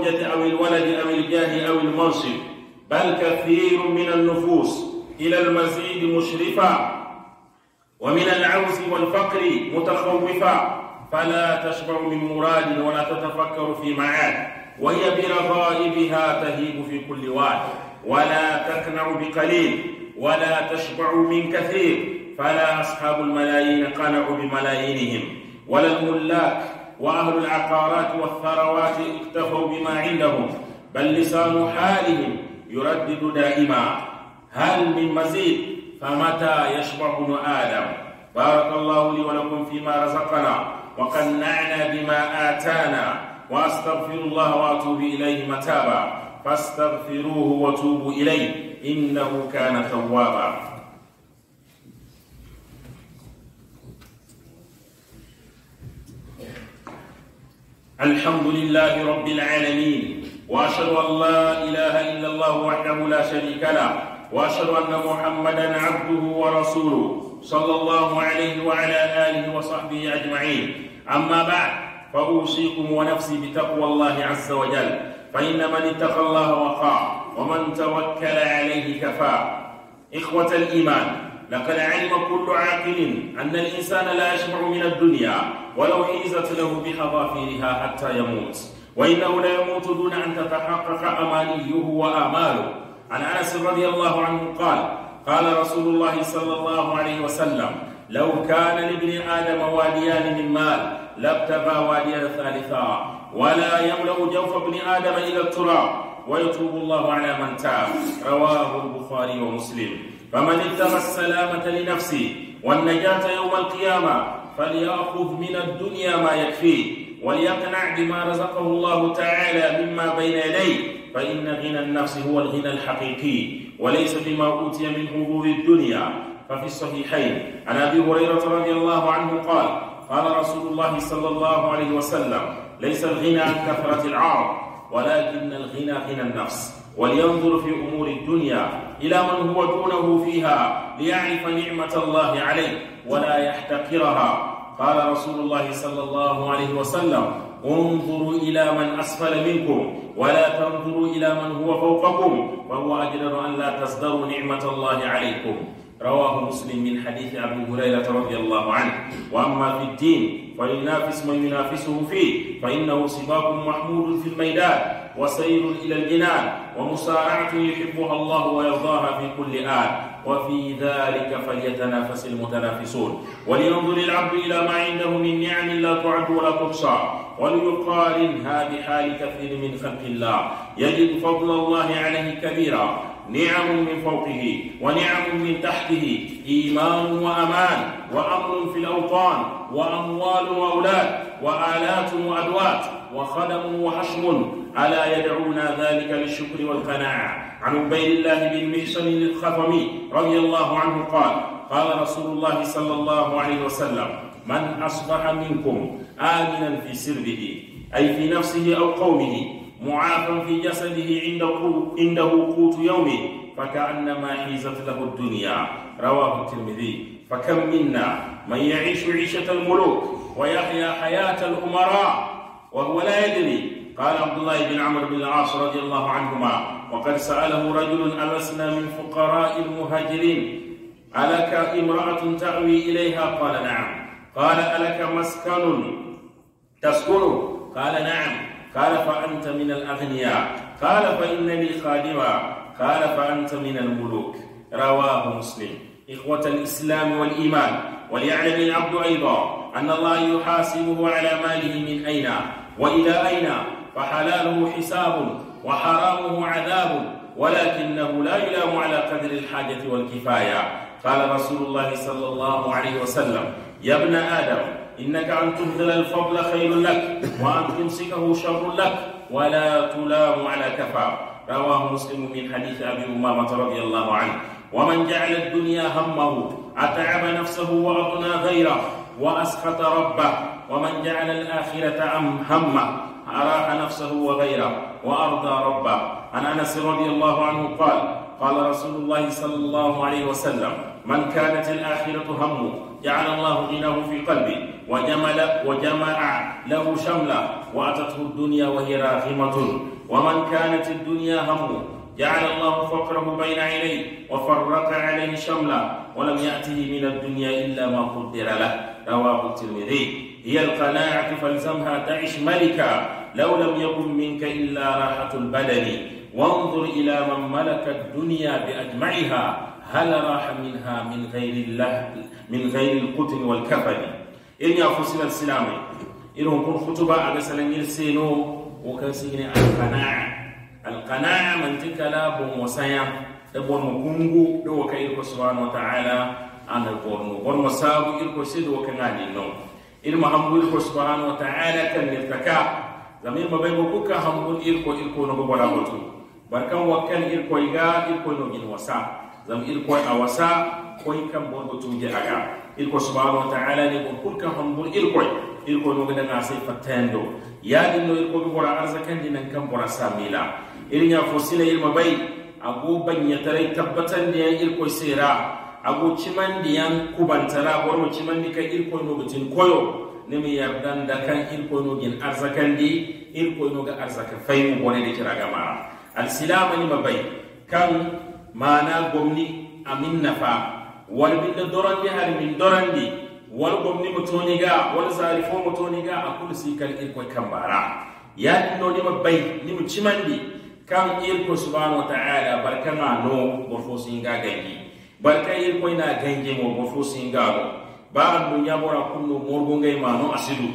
الزوجة أو الولد أو الجاه أو المنصب بل كثير من النفوس إلى المزيد مشرفة ومن العوز والفقر متخوفة فلا تشبع من مراد ولا تتفكر في معاد وهي برغائبها تهيب في كل واد ولا تقنع بقليل ولا تشبع من كثير فلا أصحاب الملايين قنعوا بملايينهم ولا الملاك وأهل العقارات والثروات اكتفوا بما عندهم بل لسان حالهم يردد دائما هل من مزيد فمتى يشبع ابن آدم بارك الله لي ولكم فيما رزقنا وقنعنا بما آتانا وأستغفر الله وأتوب إليه متابا فاستغفروه وتوبوا إليه إنه كان توابا الحمد لله رب العالمين واشهد ان لا اله الا الله وحده لا شريك له واشهد ان محمدا عبده ورسوله صلى الله عليه وعلى اله وصحبه اجمعين اما بعد فاوصيكم ونفسي بتقوى الله عز وجل فان من اتقى الله وقاه ومن توكل عليه كفاه اخوه الايمان لقد علم كل عاقل أن الإنسان لا يشبع من الدنيا ولو حيزت له بخضافيرها حتى يموت وإنه لا يموت دون أن تتحقق أمانيه وآماله عن أنس رضي الله عنه قال قال رسول الله صلى الله عليه وسلم لو كان لابن آدم واديان من مال لابتغى واديا ثالثا ولا يملأ جوف ابن آدم إلى التراب ويتوب الله على من تاب رواه البخاري ومسلم فمن ابتغى السلامة لنفسه والنجاة يوم القيامة فليأخذ من الدنيا ما يكفيه وليقنع بما رزقه الله تعالى مما بين يديه فإن غنى النفس هو الغنى الحقيقي وليس بما أوتي من حظوظ الدنيا ففي الصحيحين عن أبي هريرة رضي الله عنه قال قال رسول الله صلى الله عليه وسلم ليس الغنى عن كثرة العار ولكن الغنى غنى النفس ولينظر في أمور الدنيا إلى من هو دونه فيها ليعرف نعمة الله عليه ولا يحتقرها قال رسول الله صلى الله عليه وسلم انظروا إلى من أسفل منكم ولا تنظروا إلى من هو فوقكم فهو أجدر أن لا تصدروا نعمة الله عليكم رواه مسلم من حديث أبي هريرة رضي الله عنه وأما في الدين فلينافس من ينافسه فيه فإنه سباق محمود في الميدان وسير إلى الجنان ومسارعة يحبها الله ويرضاها في كل آن وفي ذلك فليتنافس المتنافسون ولينظر العبد إلى ما عنده من نعم لا تعد ولا تحصى وليقارنها بحال كثير من خلق الله يجد فضل الله عليه كبيرا نعم من فوقه ونعم من تحته إيمان وأمان وامر في الأوطان وأموال وأولاد وآلات وأدوات وخدم وحشم ألا يدعونا ذلك للشكر والقناعة عن عبيد الله بن محسن الخفمي رضي الله عنه قال قال رسول الله صلى الله عليه وسلم من أصبح منكم آمنا في سره أي في نفسه أو قومه معافى في جسده عنده عنده قوت يومه فكأنما حيزت له الدنيا رواه الترمذي فكم منا من يعيش عيشة الملوك ويحيا حياة الأمراء وهو لا يدري قال عبد الله بن عمرو بن العاص رضي الله عنهما وقد سأله رجل ألسنا من فقراء المهاجرين ألك امرأة تأوي إليها قال نعم قال ألك مسكن تسكنه قال نعم قال فأنت من الأغنياء قال فإن لي خادما قال فأنت من الملوك رواه مسلم إخوة الإسلام والإيمان وليعلم العبد أيضا أن الله يحاسبه على ماله من أين وإلى أين فحلاله حساب وحرامه عذاب ولكنه لا يلام على قدر الحاجة والكفاية قال رسول الله صلى الله عليه وسلم يا ابن آدم إنك أن تبذل الفضل خير لك وأن تمسكه شر لك ولا تلام على كفى رواه مسلم من حديث أبي أمامة رضي الله عنه ومن جعل الدنيا همه أتعب نفسه وأغنى غيره وأسخط ربه ومن جعل الآخرة همه أراح نفسه وغيره وأرضى ربه عن أنس رضي الله عنه قال قال رسول الله صلى الله عليه وسلم من كانت الآخرة همه جعل الله دينه في قلبه وجمل وجمع له شملا وأتته الدنيا وهي راغمة ومن كانت الدنيا همه جعل الله فقره بين عينيه وفرق عليه شملا ولم يأته من الدنيا إلا ما قدر له رواه الترمذي هي القناعة فالزمها تعش ملكا لو لم يكن منك إلا راحة البدن وانظر إلى من ملك الدنيا بأجمعها هل راح منها من غير الله من غير القتل والكفن إني أفصل السلام إنه يكون خطبة على سلام يرسينو وكسين القناع القناع من تكلاب وسيا تبون مكونغو دو كإلك سبحانه وتعالى عن القرن ورم سابو إلك سيد وكنان النوم إن محمد إلك سبحانه وتعالى كان يرتكاب زمير ما بين بكوكا هم إلك إلك نبو ولا بطو بركان وكان إلك إلك إلك نبو وساب zam il ko a wasa koy kam bon ko tuje aga il ko subhanahu wa ta'ala ne bon kul kan hambur il koy il koy no gada ngasai fatendo ya din no il ko bora arzakan din kan bora samila il nya fosila il mabai ago banya tarai tabbatan ne il koy sera ago ciman diyan kubantara boro ciman dika il koy no bitin koyo ne mi yardan da kan il koy no gin kan di il koy no ga arzaka fay mu bone de kira gamara al silama ni mabai kan mana gomni amin nafa wal min da dorandi har min dorandi wal gomni mutoni ga wal zarifo mutoni ga akul si kal ir koy kambara ya dinno ni mabai ni mu cimandi kan ir ko subhanahu wa ta'ala barkama no borfo singa gangi barka ir koy na gangi mo borfo singa go ba mu nyabora kunno morgo ngai mano asidu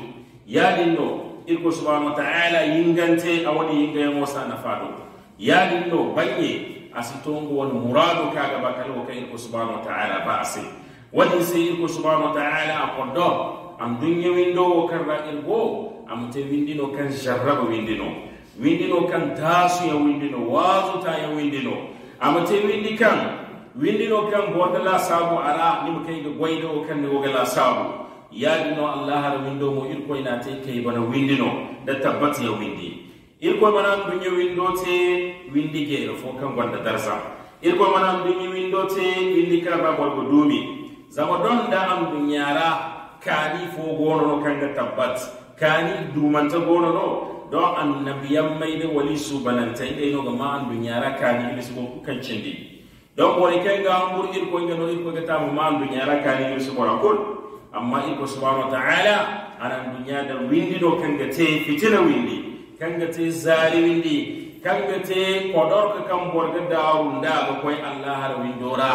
ya dinno irko subhanahu wa ta'ala yingante awani yinga yango nafa do ya dinno banye asitongu won muradu kaga bakal o kayir ko subhanahu wa ta'ala ba ase wani sayir ko subhanahu wa ta'ala akoddo am dunya windo o kan ra'il go am te windino kan jarrabo windino windino kan tasu ya windino wazu ta ya windino am te windi kan windino kan bodala sabu ara ni mo kayi goydo o kan ni wogala sabu yaadino allah har windo mo irko ina te kay bana windino da tabbati ya windino irko manan dunye windote windi gero fo kan gwanda darsa mana manan dunye windote windi karaba gorgo dumi zama don da am dunyara kani fo gono no kanga tabbat kani dumanta gono no don annabiyan mai da wali su banantai dai no ga an dunyara kani ilis ko kan cindi don wani kan ga an burgir ko ga no ko ga tamu ma an dunyara kani ilis ko rakul amma irko subhanahu wa ta'ala anan dunya da windi do kan ga te fitina windi kanga te zaliwindi kanga te kodorka kan borga darunda ga koy allah har windora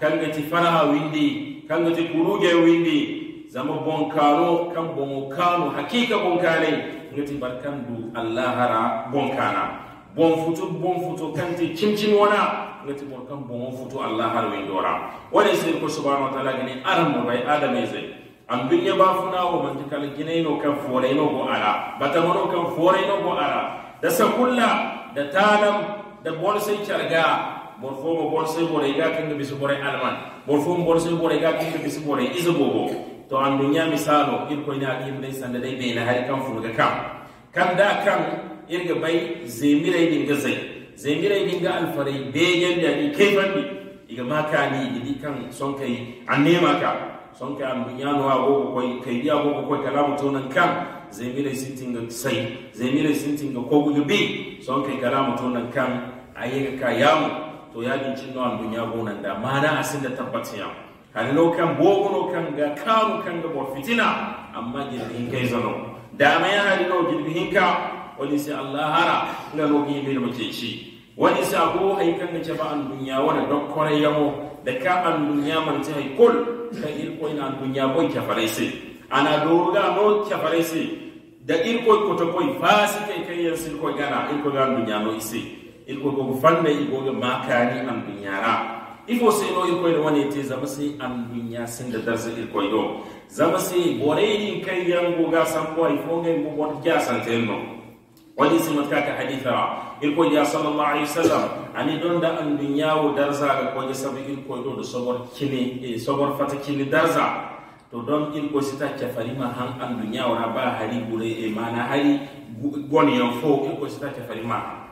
kanga ti faraha windi kanga ti kuruge windi zama bonkano kan bonkano hakika bonkane ngati barkan du allah hara bonkana bon futu bon futu kanti cimcin wana ngati borkan bon futu allah har windora wani sai ko subhanahu wa ta'ala gani aran mo bai adamai zai an ba funa wo mantikal tikal gine no kan fore no go ala bata mono kan fore no go ala da sakulla da talam da bol sai charga bor fo mo bor sai bore ga kin bisu bore alman bor fo mo bor sai bore ga kin bisu bore izugo go to an misalo ir ko ina im dai sanda dai bai na har kan furga ka kan da kan irga bai din dinga zai din dinga alfarai be da ni kai fandi iga maka ni gidi kan son kai an nema ka ka am ñaano ha gogo koy kay ɗiya gogo kala mu tonan kan ga zemine sintinga sey ga ko gudu bi Son kala mu tonan kan a yega ka yamu to yadin cinno am duña gonanda mana asin da tabbatiyam yamu kan bogono kan ga kamu kan ga bo fitina amma jirbi kai zano damaya halino jirbi ka? wani si allah hara ngano gimir mo ceci wani sai, ago hay kan ga caba an duña wona dokkoreya mo da ka an dunya man ta hay kul ka il ko ina dunya boy ka farese ana doga no ka farese da il ko ko to boy fasi kai kai yan sil ko gana il ko gan dunya no isi il ko go fanda i go ga makani an dunya ra ifo sai no il ko da wani te zama sai an dunya sin da darsa il ko do zama sai bore ni kai yan go ga san ko ifo ga go bon ja san no wali silmat kaka haditha il ko ya sallallahu alaihi wasallam ani don da an dunyawo darza ga ko ya sabu ilko ko da sabar kini e fata kini darza to don ilko ko ta ke farima han an dunyawo na ba hari gure e eh, mana hari goni yan fo ilko ko ta ke farima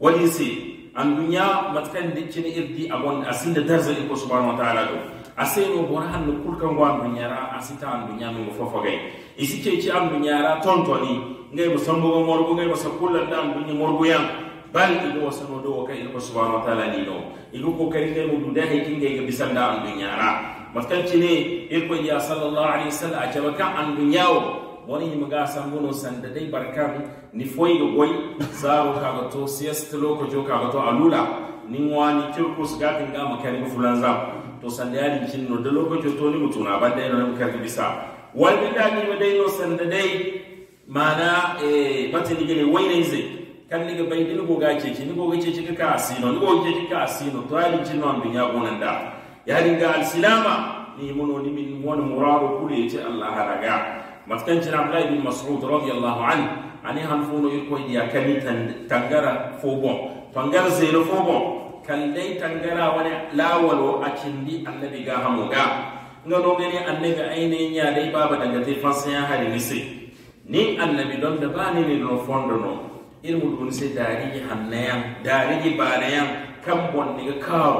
wani si an dunya matkan da kini irdi gon asin da darza ilko subhanahu wa ta'ala do ase no bora han no kulkan wa dunyara asita an dunya mo fofogai isike ci an ra tontoni ngay musambu morgu ngay musakulla ndam dunyi morgu yang bal igo wasano do waka igo subhanahu wa ta'ala dino igo ko kari ngay mudu dahe kinga iga bisanda an dunyara matkan cine irko ya sallallahu alaihi wasallam ajabaka an dunyawo wani yima ga san da dai barkan ni foyi go goy zaro ka ba to siest loko jo ka ba to alula ko wani kirkus ga tinga mu fulan zam to da yadin cinno da lokacin to ni mutuna banda yana makari bisa wani da ni ma dai no da dai mana eh bati ni gele wayna zai kan ni ga bay ni go gace ki ni go gace ki ka asino ni go gace ki ka asino to ali jin non dunya gonan da ya dinga al silama ni mono ni min won murado kule ce Allah raga matkan jin Abdullah ibn Mas'ud radiyallahu anhu ani han funo irko ya kani tangara fobon tangar zelo fobon kan dai tangara wani lawalo a kindi annabi ga hamu ga ngano ne annabi ainihin ya dai baba daga tefan sai ya hari nisi ni annabi don da ba ni ni no fondo no irmu dun se dariji hannayan dariji banayan kan bon ga kawo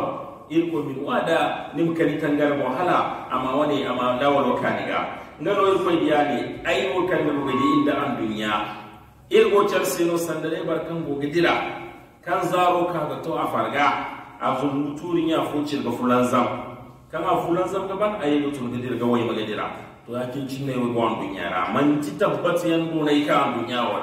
irko min wada nim kani tangar mo hala amma wani ama lawalo kaniga ngano irko yani ai mu kan mu gidi inda an dunya irgo can sino sandare barkan gidira. kan zaro kaga to a farga a zumbuturin ya fucil ga fulan zam kan a fulan zam gaban a yi mutum gidira ga wai magadira to yakin cinne wo gwan dunya ra man ci tabbati yan ko nay ka dunya wa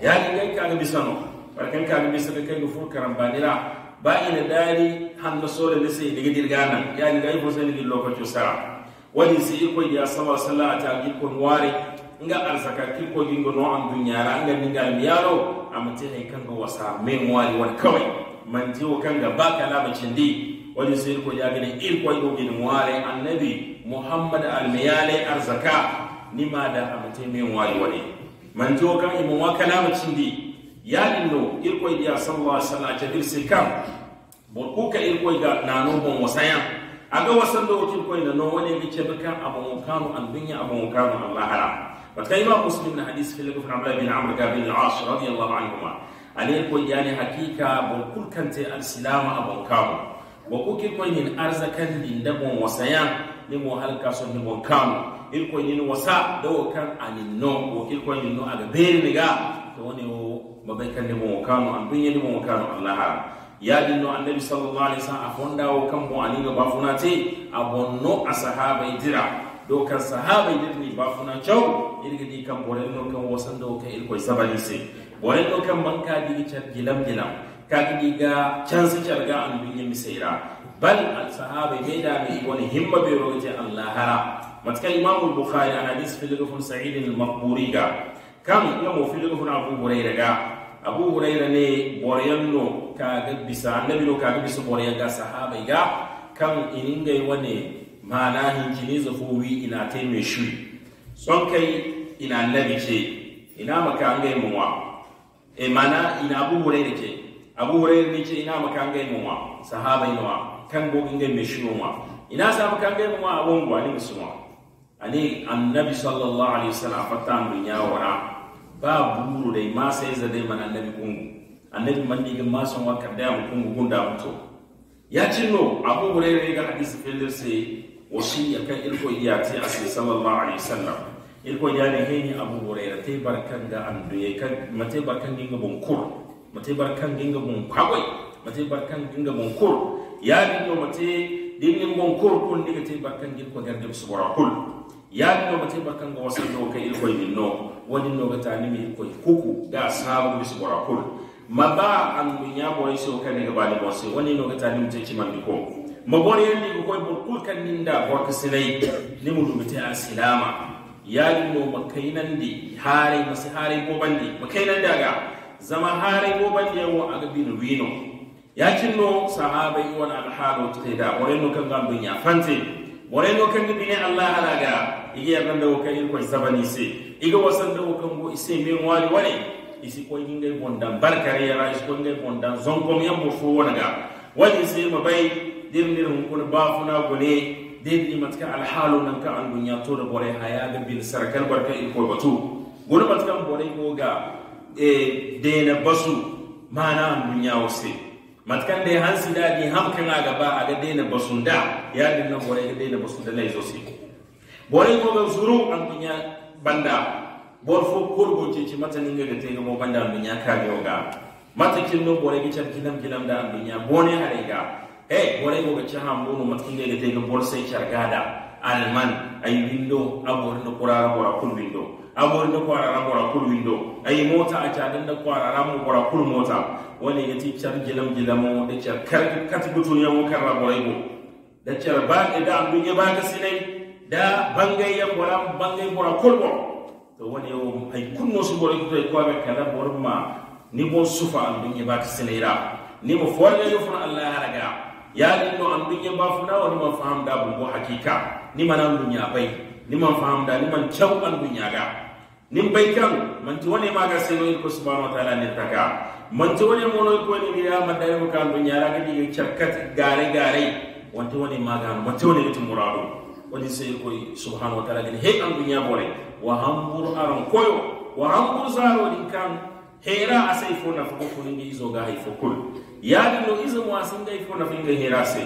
ya ni kai ka ga bisano bar kan ka ga bisano kai ga fur karam badira ba ina dari han da sole ne sai diga dirgana ya ni kai fo sai diga lokaci sara wani sai ko ya sama salata gi kon ware nga arzaka ki ko gingo no an dunya ra nga ni gal miyaro amte ne kan ga wasa men wari wan kawai man ji wo kan ga baka la bacin di wani sai ko ya gani il ko go gin ware annabi muhammad almiyale arzaka nima da amate men wali wali man to kan imam wa kalama cindi ya dinno irko ya sallallahu alaihi wasallam ta dirse kam bon ko irko ga nanu bon wasaya aga wasan da wucin koyi da no wani bi ce baka abu kanu an dunya abu kanu allah hala batkai ma muslim na hadis fil gufran abdullah bin amr bin al-as radiyallahu anhuma ale ko yani hakika bon kante al-silama abu kanu wa kuke koyi arzakandi da bon wasaya ni mo halka so ni mo kam il ko yin wasa da wo kan ani no wo il ko yin no aga beri ni ga to woni wo babai kan ni mo kam an dunya ni mo kam allah ya din no annabi sallallahu alaihi wasallam afonda wo kan mo anin ba funa te abonno ashabai dira do kan sahabai dir ni ba funa chau irga di kan bolen no kan wasan do ka il ko sabani se bolen no kan banka di gilam gilam ka di ga chance ga an dunya misaira bal al sahaba bai da mai wani himma bai roje allah hara matakan imam al bukhari an hadis fil gafun sa'id al maqburi ga kam ya mo fil gafun abu hurayra ga abu hurayra ne no ka ga bisa annabi no ka ga bisa boryan ga sahaba ga kam iningai wani mana hinjini zafuwi ina taime shi son kai ina annabi ce ina maka an gai wa e mana ina abu hurayra ce abu hurayra ne ce ina maka an gai wa, sahaba ina kango nge meshino wa? ina sabu kange ma awon gwani musulma ani annabi sallallahu alaihi wasallam fatan dunya wara ba buru dai ma sai zade man annabi kungu annabi man diga ma son wa kada mu kungu da mutu ya ce no abu hurairah ga hadisi fildir sai ya kan irko iyati asli sallallahu alaihi wasallam irko yani heni abu hurairah tai barkan da anduye kan mate barkan dinga bunkur mate barkan dinga Ma kwagwai mate barkan dinga bunkur yaagin no mate dinnin gon korkol ndiga te bakkan gil ko gardem subora kul yaagin no mate bakkan go wasanno ka il koy min no woni no ga tani mi koy kuku da sabu bi subora kul ba an munya boy so kan ga bani bo se woni no ga tani mi te ci man ko mabore yandi ko koy bor kul kan ninda bor ka sinai ni mu dubite asilama yalin no nan di hare masu ko bandi nan daga zama hare ko bandi yawo a gabin wino yakinno sahaba ta alhaalo tida worenno kan gam ya fante worenno kan ya allah alaga igi yarnande wo kan irko zabani se iga wasan wo kan go ise min wani wani isi ko ingay bondan barkare ra isi ko ingay bondan zonkom yambo wani wonaga wani se mabai dirnir hun kun bafuna gone dedi matka alhalo nan ka an dunya to da bore hayaga bil sarkal barka irko batu gona matkan bore ko e eh, dena basu mana an dunya wose matkan de han sida di ham kan a ba aga de na basunda ya din na bore da na basunda na zo si bore ko ga zuru an kunya banda bor fo korgo ce ce mata ninga ga tayi mo banda an dunya ka ga mata kin no bore ga can kinam kinam da an dunya bone hare ga eh bore go ga ci ham bono matkin tayi ga bor sai chargada alman ay windo abor no kura bora kul windo amor da kwara ran bora kul windo ai mota a cadan da kwara ran bora kul mota wani ya ti char gilam gilamo da char kar kati butun ya wukar bora da char ba e da abun ya ba ka sinai da bangai ya bora bangai bora kul bo to wani ai kun no su bora ko kala bora ma ni bon sufa abun ya ba ka ni fo ya Allah ya raga ya wani ma faham da bu hakika ni manan dunya bai ni man faham ni man chau an dunya ga nin bay kan manti wone maga senoyir ko subhanahu wa taala nirtaka manti wone monoy ko ni gira maddayo kan do nyara gidi yo chakkat gare gare wanti wone maga manti wone litu murado woni sey ko subhanahu wa taala gidi he an dunya bore wa hambur aron koyo wa hambur zaro din kan hera asai fo na fo ko ni izo ga hay fo kul ya di no izo mo asin ga fo na finga hera se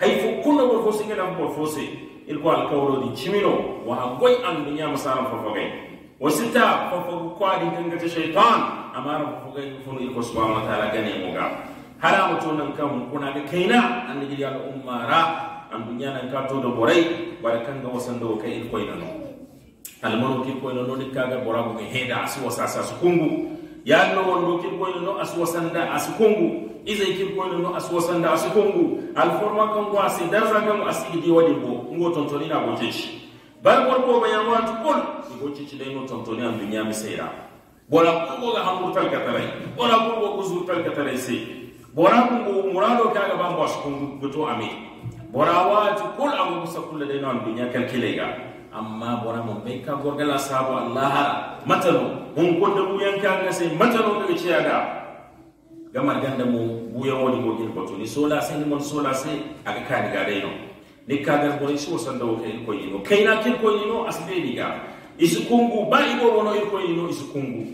hay fo kul no fo singa na fo se il ko al kawro di chimino wa goy an dunya masaran fo fo gay wasita fofogu kwadi ta shaitan amara fofogai funu iko subhanahu wa ta'ala gane muga hala mutunan kan kuna da kaina an gidi al ummara an dunya nan ka to da borai bar kan ga wasan da kai in koina no almanu ki ko ina no dikka ga borabu ga heda asu wasasa su kungu ya no wondo ki ko ina no asu wasanda asu kungu iza ki ko ina no asu wasanda asu kungu al forma kan wa sai darza kan asigi wadi bo ngo tontoni na bo jeshi bal gorko ma yamatu kul igoci cileyno tontoni an duñami seyra bora kurgoga hamburtal kataray bora kurgo gusurtal kataray sey bora kungo murado kaga ban bos kungu buto ame bora watu kul amu musa kulla dayno an kan kalkilega amma bora mo bay ka gorgala sabu allah matano ko da buyan kanga sey matano daga ciyaga gamar ganda mu buyan wani gogin batuni sola sai mun sola sai aga kani ga no. Ni o nikkagal boni suwosandawo ke irkoyino kayna kirkoyino asbeniga isi kungu ba iɓoɓono irkoyino isi kungu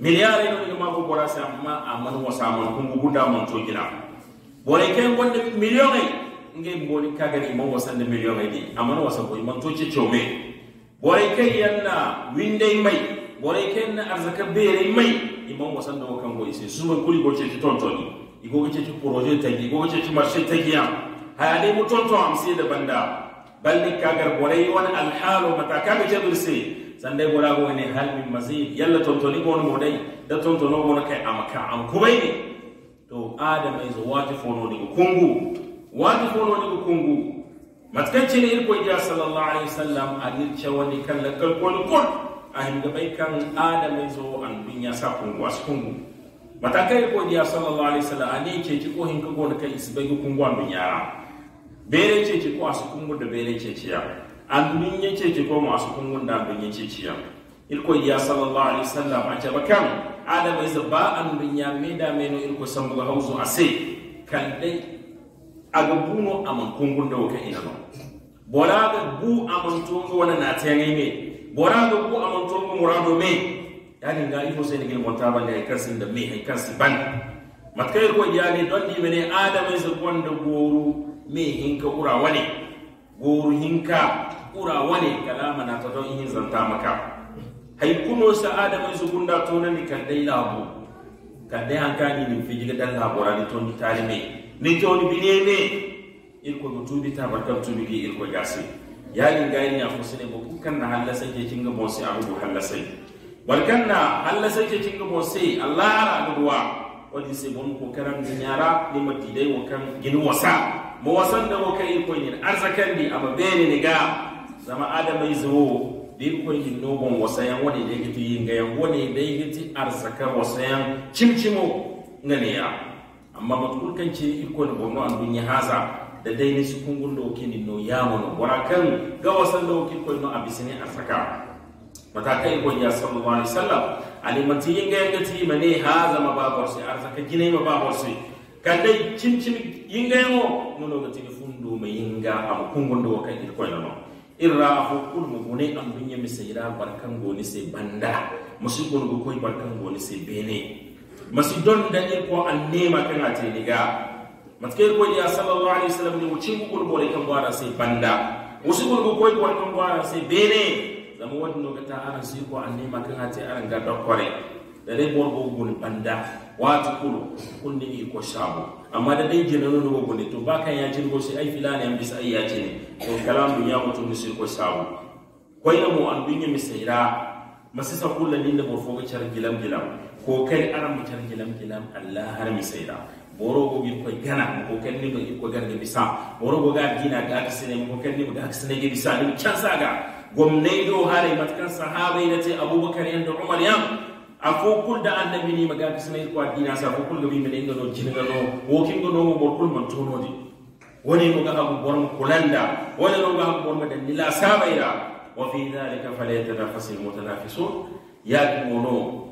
miliyare no igamago bora ma si amma aman wasaman kungu bunda mantojila boray ke gonde million ŋey nge mboni kagan ima wasande million ŋey ɗi aman wasa koy mantoce come boray ke yanna windey may boray ke na arzaka beerey may iman wasandawo kango isi suman kuli go ceci tontoni igogo ceci projet tagi igogo ceci marché ya. haani mu ton ton am siida banda balli kagar boray won al halu mata kabe jabir se sande bora go ne hal mazi, yalla ton toni gon mo dai da ton tono gon kai amaka an kubai ne to adama is wati fono ni kungu wati fono ni kungu matkanci ne irko ya sallallahu alaihi wasallam adir chawani kan lakal kon kon ahim ga bai kan adama is an ya sa kungu as kungu matakai irko ya sallallahu alaihi wasallam ani ce ci ko hin ka gon kai isbai kungu an dunya bere cece ko asu kungun da ya ceciya andunin ya cece ko masu kungun da andun ya ceciya ilko ya sallallahu alaihi wasallam a ce bakan adama isa ba andun ya me da me no ilko san buga hausu a sai kan dai aga buno aman kungun da wuka ina ba bora ga bu aman tongo wana na tayangai me bora ga bu aman tongo murado me yani ga ifo sai ne gilmon taban da karsin da me kai ban matkai ko ya ne don di ne adama isa gonda goru me hinka ura wane goru hinka ura wane kalama na ta don ihin zanta maka hai kuno sa'ada mai zugunda na ni kan dai labo kan dai an kani ni fi ga dan labora ni to ni me ni joni ne? irko go tubi ta barkan tubi il ko gasi yalin gani ya ne bo kan na sai ke kinga sai abu sai barkan na sai ke kinga sai Allah ra duwa kodi sai mun ko karam nyara ni mati dai wo kan ginu wasa mo wasan da wo kai ko yin arzakan di amma bene ni ga sama adam ai zo di ko yin no wasa wasayan wani dai gitu yin ga yan wani dai gitu wasa wasayan cimcimo ngane ya amma matkul kan ce iko ne gonno an dunya haza da dai ne su gundo ke wokin no ya mono warakan ga wasan da wokin ko no abisini mata kai ko ya sallallahu alaihi wasallam ali man ti yinga ti mane haza ma babor se arza ka jine ma babor se kande cin cin yinga yo nono ga ti fundu ma yinga am kungondo ka ti ko no irra afu kul mu bune am dunya mi sayira barkan goni se banda musi go koy barkan goni se bene masi don da ir ko an nema kan ate diga matke ko ya sallallahu alaihi wasallam ni wucin ko bore kan bara se banda wusi go koy barkan bara se bene zama wani lokata ana aran si ko an nema kan hati aran ga kware da dai bor go gun banda wati kulu ne i ko shabu amma da dai jina no go gun to baka ya jin go sai ai filani an bisa ai ya ce to kalam dunya mutum ni si ko shabu koyna mo an dunya misaira masisa kullanin da bor fogo char gilam gilam ko kai aran mu char gilam gilam Allah har misaira go gi ko gana ko kenni go gi ko garde bisa go ga gina ga aksene ko kenni go ga aksene gi bisa ni chansaga gomnaido matakan sahabai na ce abubakar yadda umar yam a fo kulda annabi ni maga kisna ko adina sa fo kulga mi inda no jinga no wokin go no mo borkul man tono mu woni mo ga habu mu kulanda wani no ga habu borom dan nila sabayra wa fi so. falyatanafasul mutanafisun ya gono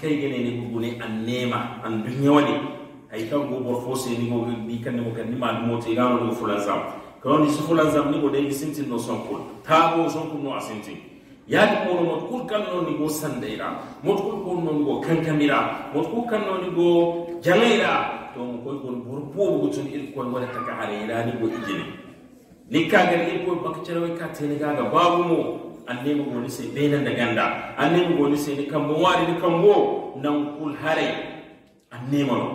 kai gane ne ne an nema an dunya wani yi kan go bor fo ni mo bi kan ne mo kan ni ma mo te ga no fulan kawni sifulan sam ni ko de sinti no sonkul taabo sonkul no asinti yaadi kono mot kul kan no ni go sandeyra mot kul kon noon go kankamira mot kul kan no ni go jangayra to mo koy gon bor boobo tun il koy wala taka ila ni go ijini ni kagar il koy bakcarawe ka tenegaga babu mo mo goni se benan da ganda mo goni se ni kambo wari ni kambo nan kul haray annema no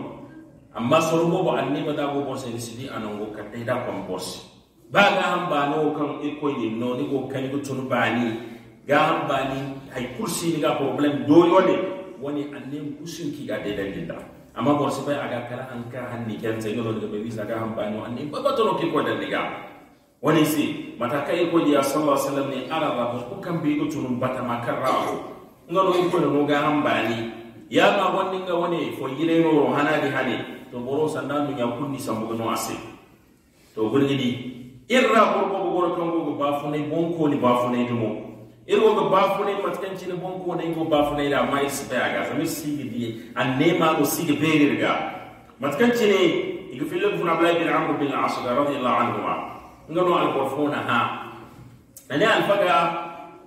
amma soro bobo mo da bobo se ni sidi anango kadde da kon bosi ba ga han ba no kan e ko ni no ni ko kan ko tun ba ni ga han ba ni hay kursi ni ga problem do yo ne woni anne kusin ki ga dedan dinda amma ko se bai aga kala an ka han ni kan sai no da bai visa ga han ba no anne ba ba to no ki ko dan ni ga woni si mata kai ko ya sallallahu alaihi wasallam ni araba ko kan bi ko tun bata makara ngano ko no ga han ba ni ya ma wani ga wani fo yire no hana di hane to boro sandan dunya kunni sambo no ase to gurgidi irra gorko go goro kango go bafunai bonko ni bafunai dumo irwo go bafunai matkanci ni bonko ne go bafunai da mai spare ga sami sigi di annema go sigi beri ga matkanci ne igu fillu fun abdullah bin amr bin al-as radiyallahu ma. ngano al-qurfuna ha nani al-faga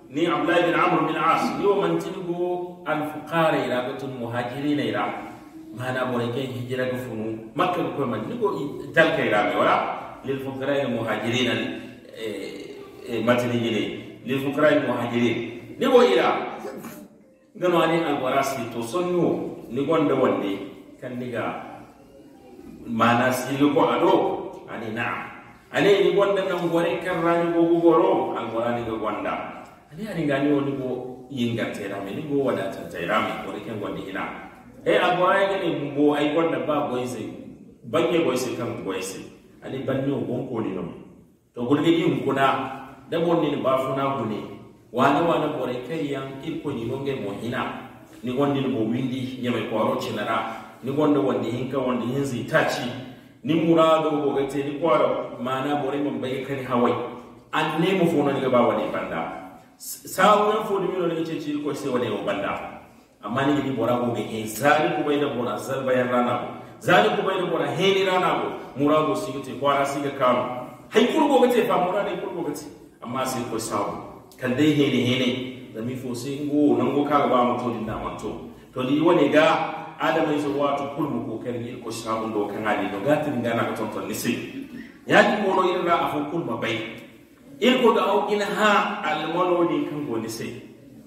ni abdullah bin amr bin al-as yo mantingo al-fuqara ila batul muhajirin ila mana bore ke hijira go funu makka ko man ni go dalka ila wala lil fuqara al muhajirin al matni jine lil fuqara al muhajirin ni wo ira ngano ani al warasi to sonno ni gonda wonde kan diga mana silu ko ado ani na ani ni gonda kan gore kan rani go goro al warani go gonda ani ani ngani woni go yinga tera me ni go wada ta tera me gore kan ina ni ba boyse kan ani banni o gon ni no to gulge ko na da mon ni ba funa gune wa na bore kai yan il ko ni nonge mo hina ni gondi ni bo windi nyame ko na ra ni hin ka wonni hin hinzi tachi ni murado go gate ni ko mana bore mon bai kai hawai an ne mo na ni ba wani banda sawun fu ni no ni cece ko sai ni banda amma ni ni bora go be en zari ko bai da bora zalba bayan rana ko heni rana la Mura go murado sigate kwara siga kano hay kurgo gate fa ne hay kurgo gate amma sai ko sabu kan dai hene heni da mi fo sai ngo nan go kala ba muto din da manto to ni wani ga adama yi zuwa to kurmu ko kan yi ko sabu do kan ali do tin ga na ka tonton ni sai ya ji mono irin ra afu kurma bai in ko da au in ha mono ne kan go ni sai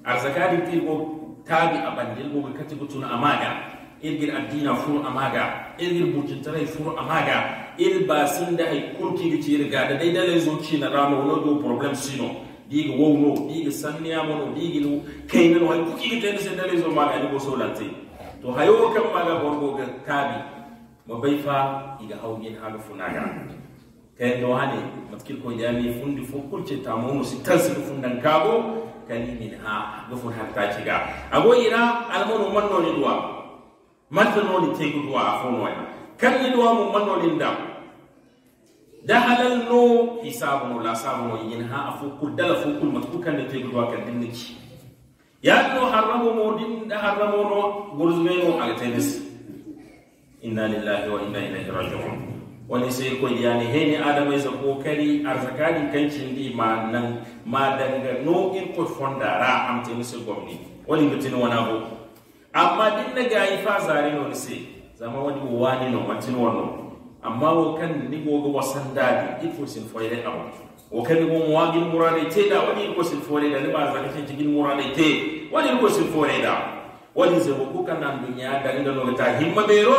arzaka din ti go tabi abandil go ka tibu tuna amaga irgir addina furu amaga irgir butintarai furu amaga ir basinda hay kurkigi ciri gada dai dalai zo cina rama wono do problem sino diga wowno diga sanniyamono diga kaynano hay kukigi tede se dalai zo maga ani goso latte to hayo kam maga borgo ga kabi ma bai fa iga haugin halu funaga kayan do hane matkil ko jami fundi fo kulce tamono si tansidu fundan kabo kani min ha gafun hakta ciga ago ira almono manno ni duwa mantanoli teguduwa a fonoya kan yiduwa mu manolin da da halal no hisabu la sabu yin ha afu kul dala fu kul matku kan ne teguduwa kan dinniki ya no haramu mo din da haramu no gurzume no altenis inna lillahi wa inna ilaihi raji'un wani sai ko yani heni adamai sa kokari arzakani kancin di ma nan ma danga no in ko fondara am temisul gomni wani mutin wana abu. amma din na gayi fa zare ne sai. zama wani wani no matin wono amma wo kan ni go go wasan dali ifo sin foyre aw wo kan go wagin murade te da wani ko sin foyre da ni ba zaka ce jigin murade te wani ko sin foyre da wani ze ko kan nan dunya da ni da no ta himma bero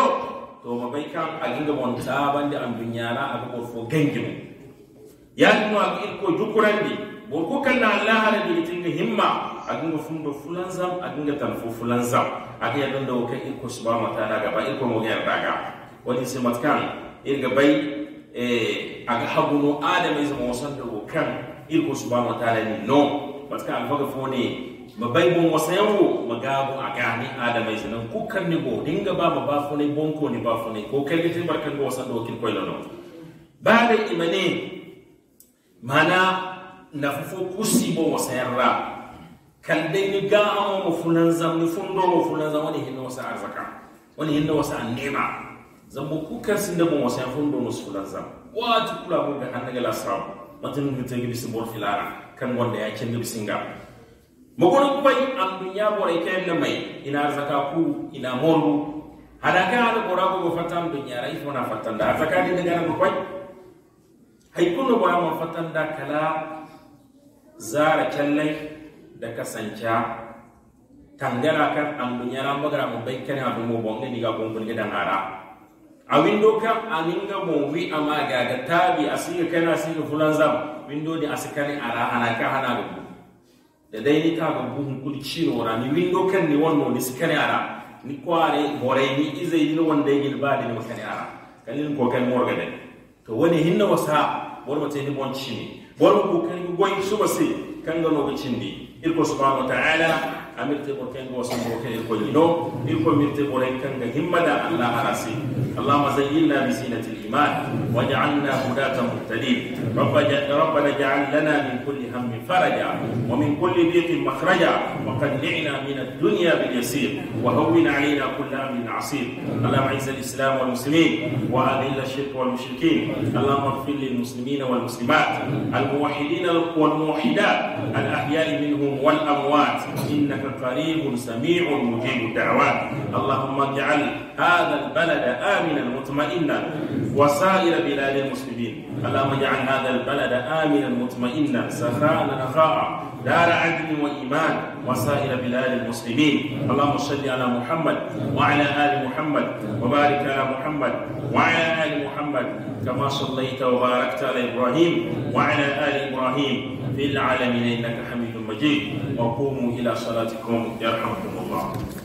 to mabai kan a ginga won ta bande an dunya na abu ko fo gangimu yaɗuno aga ne jukurandi borko kanna allah ala digitinga himma A dinga fundo a fulansam aginga tan fo fulansam aga yadonda wo kan irko ba wa taala gaba irko mo yardaga wadi simat kan irga bay e aga haguno adama isama wasanda wo kan su ba mata eh, taala ni no matkan an faga ne ma bai bon yau, ma gabo agani adama ko kukan ni bo dinga ba ma ba bon ko ni ba ne ko kai gitin barkan go wasanda da kin koyno no ba da imanin. mana na fufu kusi kaldeni gaamo kan dai ni fundo funan zam wani hinna wasa arzaka wani hinna wasa nema zambo kukan sinda mo wasa fundo mo funanzam wati kula mo ga hannaga lasram matin mu tege bisi bol filara kan wanda ya singa mu gona ku bai am dunya kai na mai ina arzaka ku ina moru hadaka ala borago go fatan dunya rai fona da arzaka din daga na bai haikunu ba mu fatan da kala zara kallai da kasanta tangara kan ambunyara magara mu bai kana da mu bonga diga ga gongon gidan ara a windo kan anin mu wi amma ga ga tabi asiri kana asiri fulan zam windo di asikani ara ana ka hana da ku da dai ni ka ga buhun kulci no ra ni windo kan ni wonno ni sikani ara ni kware more ni izai ni wanda yil ba da ni makani ara kalin ko kan morga dai to wani hinna wasa wonmo teni bon cini wonmo ko kanko goy suba si kannganoɓe cindi il ko subhanahu wa taala amirte bor kan go sam bo ko ni il ko mirte bor kan ga himmada allah harasi allahumma zayyinna bi zinatil iman waj'alna hudatan muhtadin rabbana rabbana ja'al lana min kulli hammin faraja wa min kulli dhiqin makhraja wa qad'ina min ad-dunya bil yasir wa hawwin علينا كل امر عصيب اللهم اعز الاسلام والمسلمين واذل الشرك والمشركين اللهم اغفر للمسلمين والمسلمات الموحدين والموحدات الاحياء منهم والاموات انك قريب سميع مجيب الدعوات اللهم اجعل هذا البلد آمنا مطمئنا وسائر بلاد المسلمين اللهم اجعل هذا البلد آمنا مطمئنا سخاء رخاء دار عدل وإيمان وسائر بلاد المسلمين اللهم صل على محمد وعلى آل محمد وبارك على محمد وعلى آل محمد كما صليت وباركت على إبراهيم وعلى آل إبراهيم في العالمين إنك حميد majibu wa kumu ila salatikum yarhamkumullah.